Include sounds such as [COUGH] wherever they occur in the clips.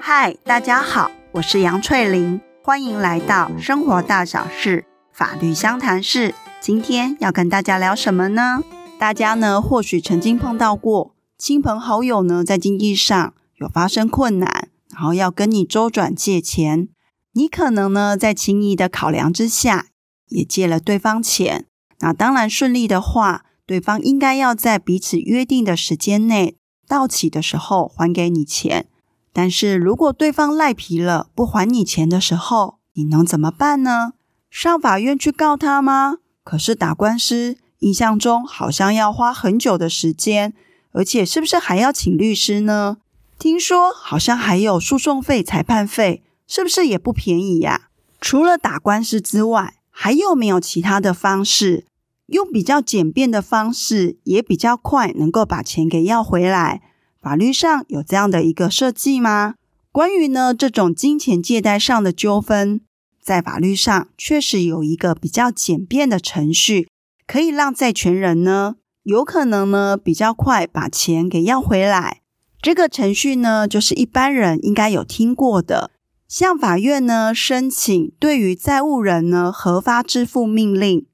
嗨，大家好，我是楊翠玲，歡迎來到生活大小事法律相談室。今天要跟大家聊什麼呢？大家呢或許曾經碰到過親朋好友呢在經濟上有發生困難，然後要跟你周轉借錢，你可能呢在情誼的考量之下也借了對方錢。那當然順利的話，對方應該要在彼此約定的時間內。到期的時候還給你錢，但是如果對方賴皮了不還你錢的時候，你能怎麼辦呢？上法院去告他嗎？可是打官司印象中好像要花很久的時間，而且是不是還要請律師呢？聽說好像還有訴訟費、裁判費，是不是也不便宜呀？除了打官司之外，還有沒有其他的方式？用比較簡便的方式，也比較快，能夠把錢給要回來，法律上有這樣的一個設計嗎？關於呢，這種金錢借貸上的糾紛，在法律上確實有一個比較簡便的程序，可以讓債權人呢有可能呢比較快把錢給要回來。這個程序呢，就是一般人應該有聽過的，向法院呢聲請對於債務人呢核發支付命令。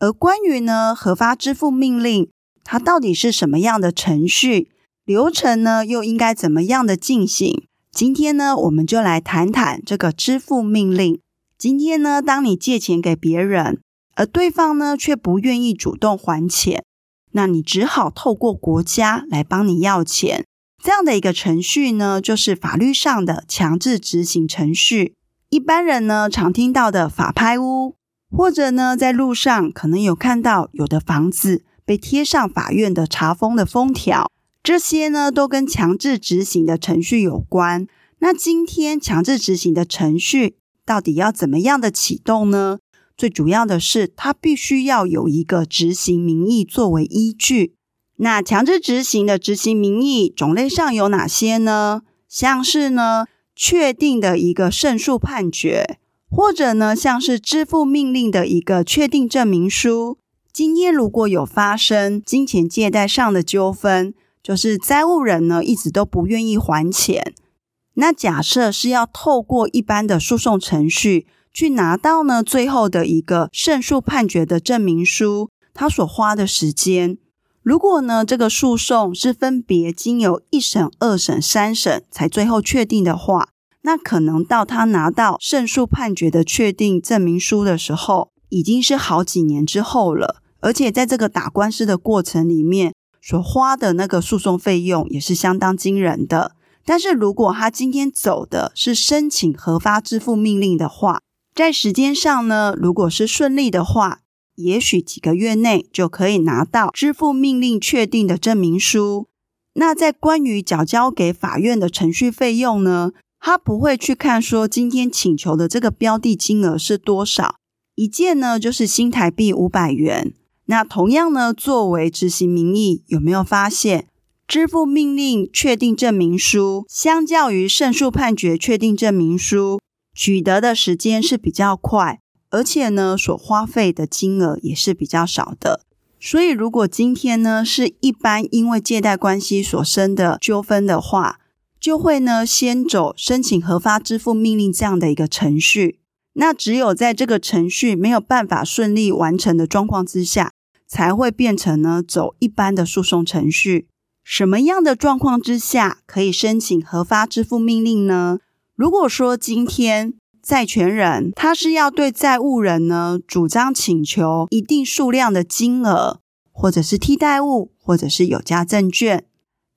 而關於呢，核發支付命令，它到底是什麼樣的程序流程呢？又應該怎麼樣的進行？今天呢，我們就來談談這個支付命令。今天呢，當你借錢給別人，而對方呢，卻不願意主動還錢，那你只好透過國家來幫你要錢。這樣的一個程序呢，就是法律上的強制執行程序。一般人呢，常聽到的法拍屋，或者呢，在路上可能有看到有的房子被貼上法院的查封的封條，這些呢都跟強制執行的程序有關。那今天強制執行的程序到底要怎麼樣的啟動呢？最主要的是，它必須要有一個執行名義作為依據。那強制執行的執行名義種類上有哪些呢？像是呢，確定的一個勝訴判決。或者呢，像是支付命令的一個確定證明書。今天如果有發生金錢借貸上的糾紛，就是債務人呢一直都不願意還錢，那假設是要透過一般的訴訟程序去拿到呢最後的一個勝訴判決的證明書，他所花的時間，如果呢這個訴訟是分別經由一審、二審、三審才最後確定的話。那可能到他拿到勝訴判決的確定證明書的時候，已經是好幾年之後了。而且在這個打官司的過程裡面，所花的那個訴訟費用也是相當驚人的。但是如果他今天走的是申請核發支付命令的話，在時間上呢，如果是順利的話，也許幾個月內就可以拿到支付命令確定的證明書。那在關於繳交給法院的程序費用呢？他不會去看說今天請求的這個標的金額是多少。一件呢，就是新台幣五百元。那同樣呢，作為執行名義，有沒有發現支付命令確定證明書，相較於勝訴判決確定證明書，取得的時間是比較快，而且呢，所花費的金額也是比較少的。所以，如果今天呢是一般因為借貸關係所生的糾紛的話。就會呢，先走申請核發支付命令這樣的一個程序。那只有在這個程序沒有辦法順利完成的狀況之下，才會變成呢走一般的訴訟程序。什麼樣的狀況之下可以申請核發支付命令呢？如果說今天債權人他是要對債務人呢主張請求一定數量的金額，或者是替代物，或者是有價證券。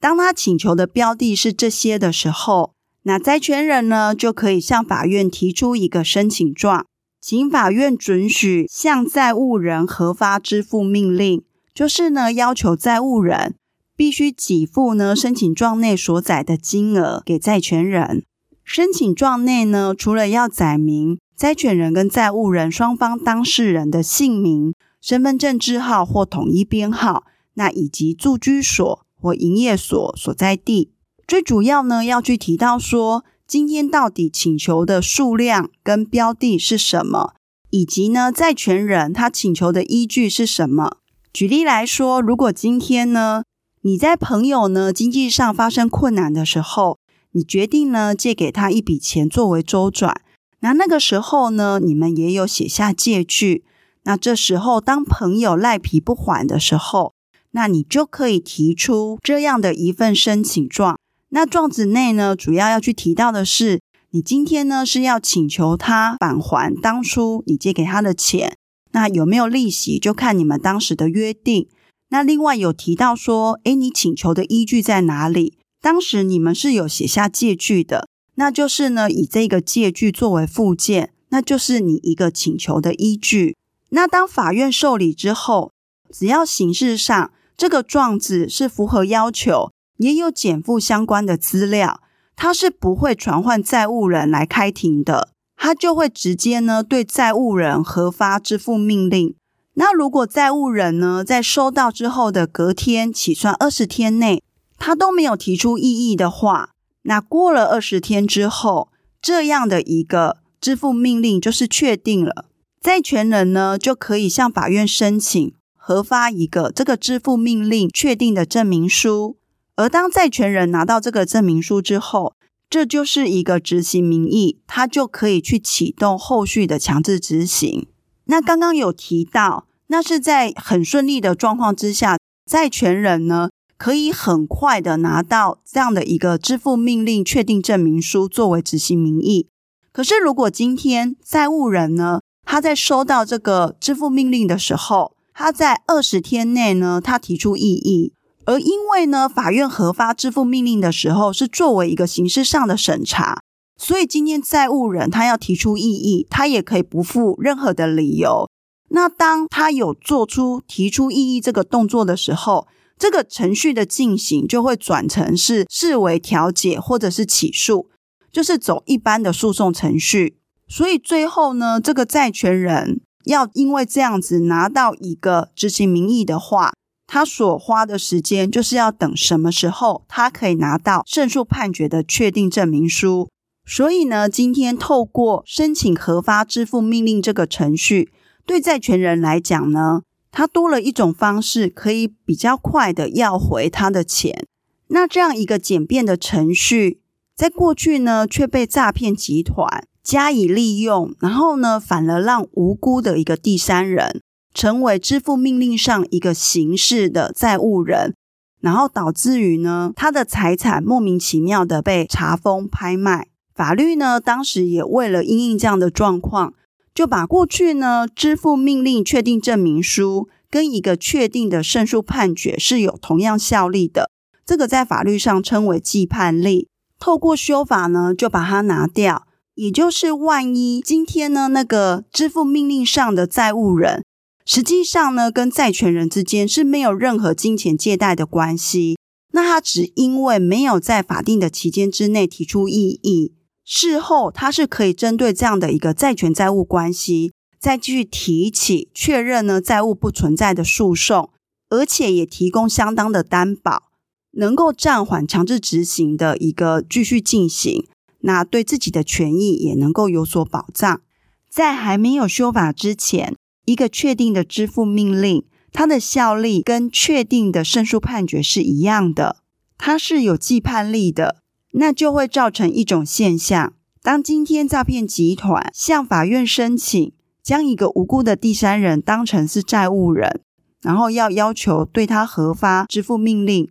當他請求的標的是這些的時候，那債權人呢就可以向法院提出一個聲請狀，請法院准許向債務人核發支付命令，就是呢要求債務人必須給付呢聲請狀內所載的金額給債權人。聲請狀內呢，除了要載明債權人跟債務人雙方當事人的姓名、身分證字號或統一編號，那以及住居所，或營業所所在地，最主要呢要去提到說，今天到底請求的數量跟標的是什麼，以及呢債權人他請求的依據是什麼？舉例來說，如果今天呢你在朋友呢經濟上發生困難的時候，你決定呢借給他一筆錢作為周轉，那那個時候呢你們也有寫下借據，那這時候當朋友賴皮不還的時候，那你就可以提出這樣的一份申請狀。那狀子內呢，主要要去提到的是，你今天呢是要請求他返還當初你借給他的錢。那有沒有利息，就看你們當時的約定。那另外有提到說，誒，你請求的依據在哪裡？當時你們是有寫下借據的，那就是呢以這個借據作為附件，那就是你一個請求的依據。那當法院受理之後，只要形式上。這個狀子是符合要求，也有檢附相關的資料，他是不會傳喚債務人來開庭的，他就會直接呢對債務人核發支付命令。那如果債務人呢在收到之後的隔天起算二十天內，他都沒有提出異議的話，那過了二十天之後，這樣的一個支付命令就是確定了，債權人呢就可以向法院聲請。核發一個這個支付命令確定的證明書，而當債權人拿到這個證明書之後，這就是一個執行名義，他就可以去啟動後續的強制執行。那剛剛有提到，那是在很順利的狀況之下，債權人呢可以很快的拿到這樣的一個支付命令確定證明書作為執行名義。可是如果今天債務人呢，他在收到這個支付命令的時候，他在二十天內呢，他提出異議，而因為呢，法院核發支付命令的時候是作為一個形式上的審查，所以今天債務人他要提出異議，他也可以不附任何的理由。那當他有做出提出異議這個動作的時候，這個程序的進行就會轉成是視為調解或者是起訴，就是走一般的訴訟程序。所以最後呢，這個債權人。要因為這樣子拿到一個執行名義的話，他所花的時間就是要等什麼時候他可以拿到勝訴判決的確定證明書。所以呢，今天透過聲請核發支付命令這個程序，對債權人來講呢，他多了一種方式可以比較快的要回他的錢。那這樣一個簡便的程序，在過去呢，卻被詐騙集團。加以利用，然後呢，反而讓無辜的一個第三人成為支付命令上一個形式的債務人，然後導致於呢，他的財產莫名其妙的被查封拍賣。法律呢，當時也為了因應這樣的狀況，就把過去呢支付命令確定證明書跟一個確定的勝訴判決是有同樣效力的，這個在法律上稱為既判力。透過修法呢，就把它拿掉。也就是，萬一今天呢，那個支付命令上的債務人，實際上呢，跟債權人之間是沒有任何金錢借貸的關係，那他只因為沒有在法定的期間之內提出異議，事後他是可以針對這樣的一個債權債務關係，再繼續提起確認呢債務不存在的訴訟，而且也提供相當的擔保，能夠暫緩強制執行的一個繼續進行。那對自己的權益也能夠有所保障。在還沒有修法之前，一個確定的支付命令，它的效力跟確定的勝訴判決是一樣的，它是有既判力的。那就會造成一種現象：當今天詐騙集團向法院申請，將一個無辜的第三人當成是債務人，然後要要求對他核發支付命令，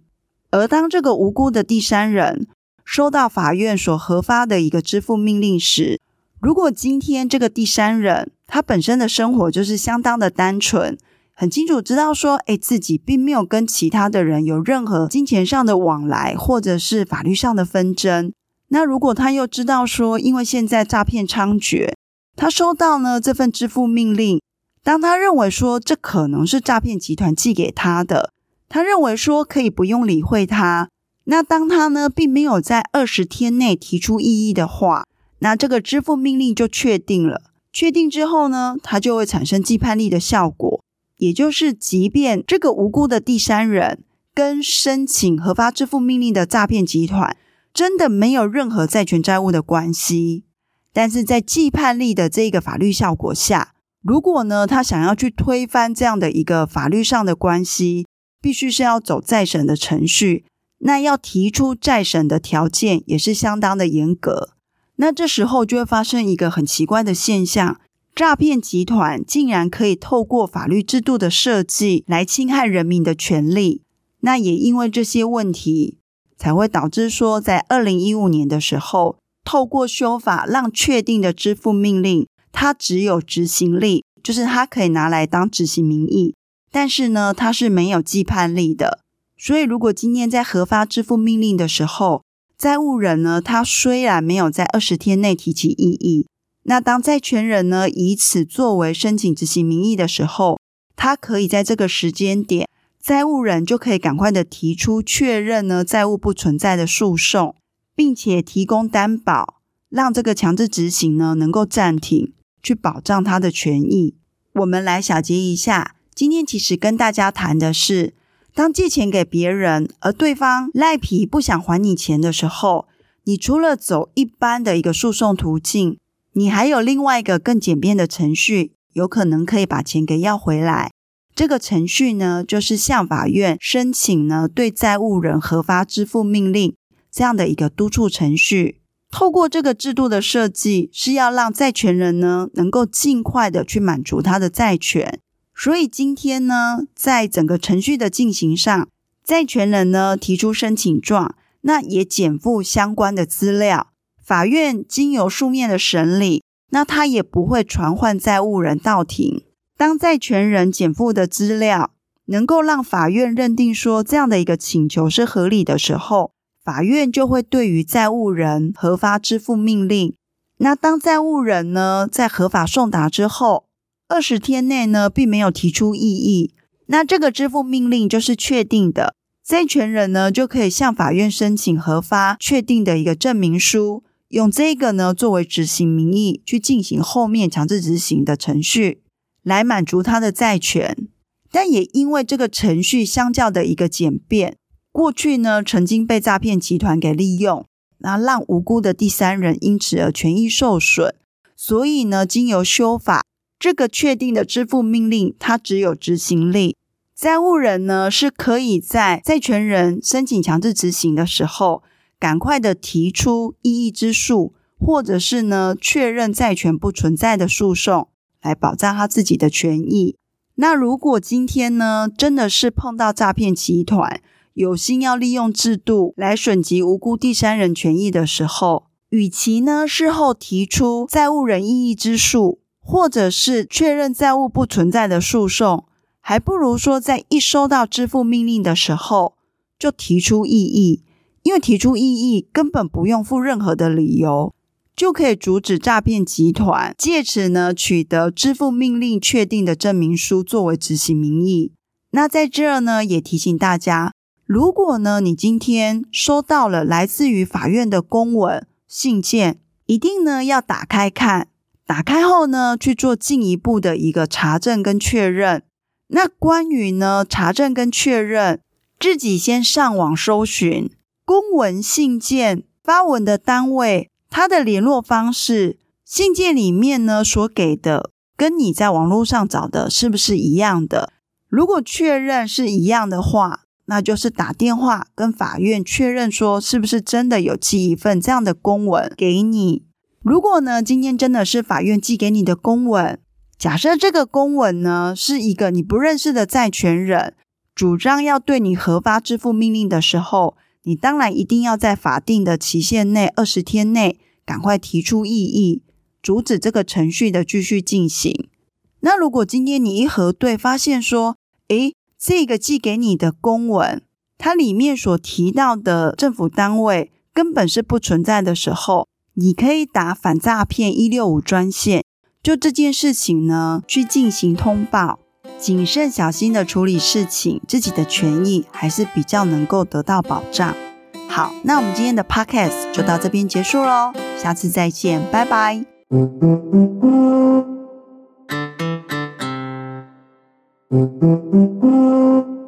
而當這個無辜的第三人，收到法院所核發的一個支付命令時，如果今天這個第三人他本身的生活就是相當的單純，很清楚知道說，誒，自己並沒有跟其他的人有任何金錢上的往來，或者是法律上的紛爭。那如果他又知道說，因為現在詐騙猖獗，他收到呢這份支付命令，當他認為說這可能是詐騙集團寄給他的，他認為說可以不用理會他。那當他呢，並沒有在二十天內提出異議的話，那這個支付命令就確定了。確定之後呢，他就會產生既判力的效果，也就是即便這個無辜的第三人跟申請核發支付命令的詐騙集團真的沒有任何債權債務的關係，但是在既判力的這個法律效果下，如果呢，他想要去推翻這樣的一個法律上的關係，必須是要走再審的程序。那要提出再審的條件也是相當的嚴格，那這時候就會發生一個很奇怪的現象，詐騙集團竟然可以透過法律制度的設計來侵害人民的權利。那也因為這些問題，才會導致說，在二零一五年的時候，透過修法讓確定的支付命令，它只有執行力，就是它可以拿來當執行名義，但是呢，它是沒有既判力的。所以，如果今天在核發支付命令的時候，債務人呢，他雖然沒有在二十天內提起異議，那當債權人呢以此作為申請執行名義的時候，他可以在這個時間點，債務人就可以趕快的提出確認呢債務不存在的訴訟，並且提供擔保，讓這個強制執行呢能夠暫停，去保障他的權益。我們來小結一下，今天其實跟大家談的是。當借錢給別人，而對方賴皮不想還你錢的時候，你除了走一般的一個訴訟途徑，你還有另外一個更簡便的程序，有可能可以把錢給要回來。這個程序呢，就是向法院申請呢對債務人核發支付命令這樣的一個督促程序。透過這個制度的設計，是要讓債權人呢能夠盡快的去滿足他的債權。所以今天呢，在整個程序的進行上，債權人呢提出聲請狀，那也檢附相關的資料。法院經由書面的審理，那他也不會傳喚債務人到庭。當債權人檢附的資料能夠讓法院認定說這樣的一個請求是合理的時候，法院就會對於債務人核發支付命令。那當債務人呢在合法送達之後，二十天內呢，並沒有提出異議，那這個支付命令就是確定的，債權人呢就可以向法院聲請核發確定的一個證明書，用這個呢作為執行名義去進行後面強制執行的程序，來滿足他的債權。但也因為這個程序相較的一個簡便，過去呢曾經被詐騙集團給利用，然後讓無辜的第三人因此而權益受損，所以呢經由修法。這個確定的支付命令，它只有執行力。債務人呢是可以在債權人申請強制執行的時候，趕快的提出異議之訴，或者是呢確認債權不存在的訴訟，來保障他自己的權益。那如果今天呢真的是碰到詐騙集團有心要利用制度來損及無辜第三人權益的時候，與其呢事後提出債務人異議之訴。或者是確認債務不存在的訴訟，還不如說在一收到支付命令的時候就提出異議，因為提出異議根本不用附任何的理由，就可以阻止詐騙集團借此呢取得支付命令確定的證明書作為執行名義。那在這呢也提醒大家，如果呢你今天收到了來自於法院的公文、信件，一定呢要打開看。打開後呢，去做進一步的一個查證跟確認。那關於呢查證跟確認，自己先上網搜尋公文信件發文的單位，他的聯絡方式，信件裡面呢所給的，跟你在網絡上找的是不是一樣的？如果確認是一樣的話，那就是打電話跟法院確認說，是不是真的有寄一份這樣的公文給你。如果呢，今天真的是法院寄給你的公文，假設這個公文呢是一個你不認識的債權人主張要對你核發支付命令的時候，你當然一定要在法定的期限內，二十天內趕快提出異議，阻止這個程序的繼續進行。那如果今天你一核對發現說，誒，這個寄給你的公文，它裡面所提到的政府單位根本是不存在的時候。你可以打反詐騙165專線，就這件事情呢，去進行通報，謹慎小心的處理事情，自己的權益還是比較能夠得到保障。好，那我們今天的 Podcast 就到這邊結束嘍，下次再見，拜拜。 [NOISE]